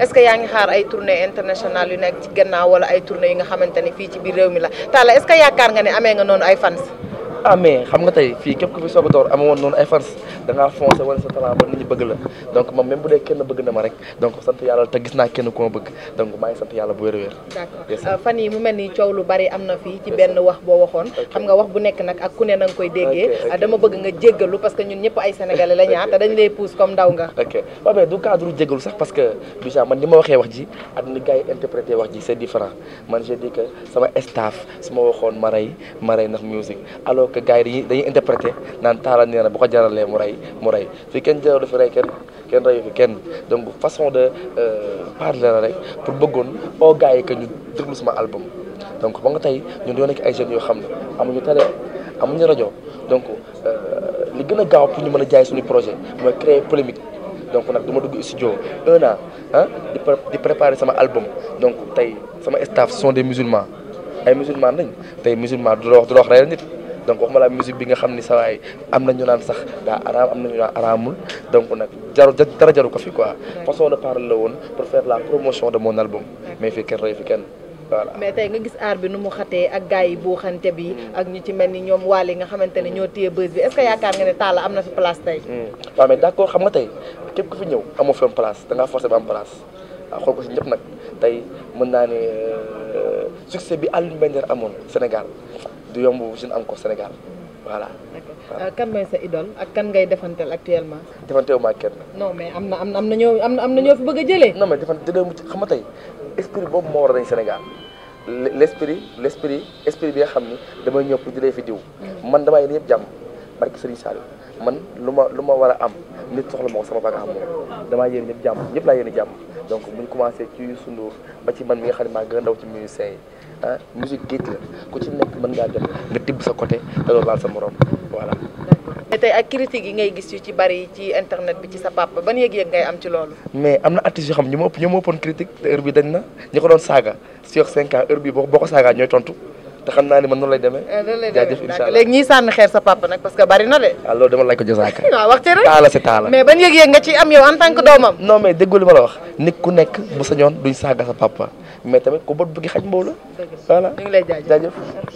est ce que yaa ngi xaar ay tournée internationale yu nekk ci gannaaw ay tournée yi nga xamante ne fii ci biir réew mi la Talla est ce que yaakaar nga ne amee nga noonu ay fans ah mais xam nga tey fii képp ku fi soog a noonu ay fans da ngaa foncé wala sa talent ba bëgg la donc moom même bu dee kenn bëgg na ma rek donc sant yàlla te gis naa kenn ku ma bëgg donc maa ngi a wér d'accord euh, fan yi lu bari am na fii ci benn wax boo waxoon xam nga wax bu nekk nag ak ku ne na koy déggee euh, bëgg nga jéggalu parce que ñun ñëpp ay sénégalais la ñaar ah, te dañ lay pousse comme ndaw nga ok sax parce que Bicham man ni ma waxee wax ji ak ni wax ji c'est différent man j'ai dit que sama staff su ma waxoon ma rey ma rey ndax musique alors que gars yi dañuy interprété naan taala nee na bu ko jaralee mu rey rey mu rey fii kenn jëlaat du fi rey kenn kenn fi kenn donc façon de euh, parler rek pour bëggoon o gars yi que ñu déglu sama album. donc ba nga tey ñun ñoo nekk ay jeunes yoo xam ne amuñu télé amuñu rajo donc euh, a gaaw pour ñu mën a jaay suñu projet mooy créer polémique. donc nag du ma dugg studio un an ah di di préparer sama album donc tey sama staff sont des musulmans ay musulmans lañ tey musulman du la du la wax nit. donc waxuma la bi nga xam ni saa am na ñu naan sax daa am na ñu naan araamul donc nag jaru dara jaru ko fi quoi façon de parler la woon pour faire la promotion de mon album mais fii rey fi kenn mais tey nga gis aar bi nu mu xatee ak gars yi buuxante bi hmm. ak ñu ci mel ni ñoom waal yi nga xamante ne ñoo téye bës bi est-ce que yaakaar nga ne Talla am na fi place tey. Hmm. waaw mais d'accord xam nga tey képp ku fi ñëw amoo fi am place da ngaa forcé ba am place xool ko si mën naa ne euh, succès bi Alioune Mbengue amoon Sénégal. du yomb bu suñu am ko Sénégal voilà. Euh, kan mooy sa idole ak kan ngay defanteel actuellement. defanteewu ma kenn. non mais am na am na ñoo am na ñoo fi bëgg a jëlee. non mais defante dëgg mu xam nga tey esprit boobu moo war a dañ Sénégal l' esprit l' esprit esprit bi nga xam ni damay ñëw pour jëlee fi diw. Mm. man damay yéene yëpp jàmm barki Serigne Saliou. man lu ma lu ma war a am nit soxla moo ko sama bag am moom damaa yéen ñëpp jàmm ñëpp laa yéen jàmm donc bu ñu commencé ci Youssou Ndour ba ci man mi nga xam ne maa gën a ndaw ci musicien yi ah ci nekk mën ngaa dem nga tibb sa côté te loolu laal sa morom voilà. mais tey ak critiques yi ngay gis yu ci bari ci internet bi ci sa papa ban yëg-yëg ngay am ci loolu. mais am na artistes yoo xam ne ñu ma ëpp ñu ma ëppoon critique te heure bi dañ na ñu ko doon saaga sur cinq ans heure bi boo ko boo ñooy tontu. te xam naa ni man noonu lay demee. Eh, jaajëf incha allah léegi ñiy sànni xeer sa papa nag parce que na de. waaw ah, loolu taala si taala. mais ban yëg-yëg nga ci am yow en tant que doomam. non mais déggoo li ma la wax nit ku nekk bu sañoon duñ saaga sa papa mais tamit ku bët bëgg xaj mbow la. voilà lay jaajëf jaajëf.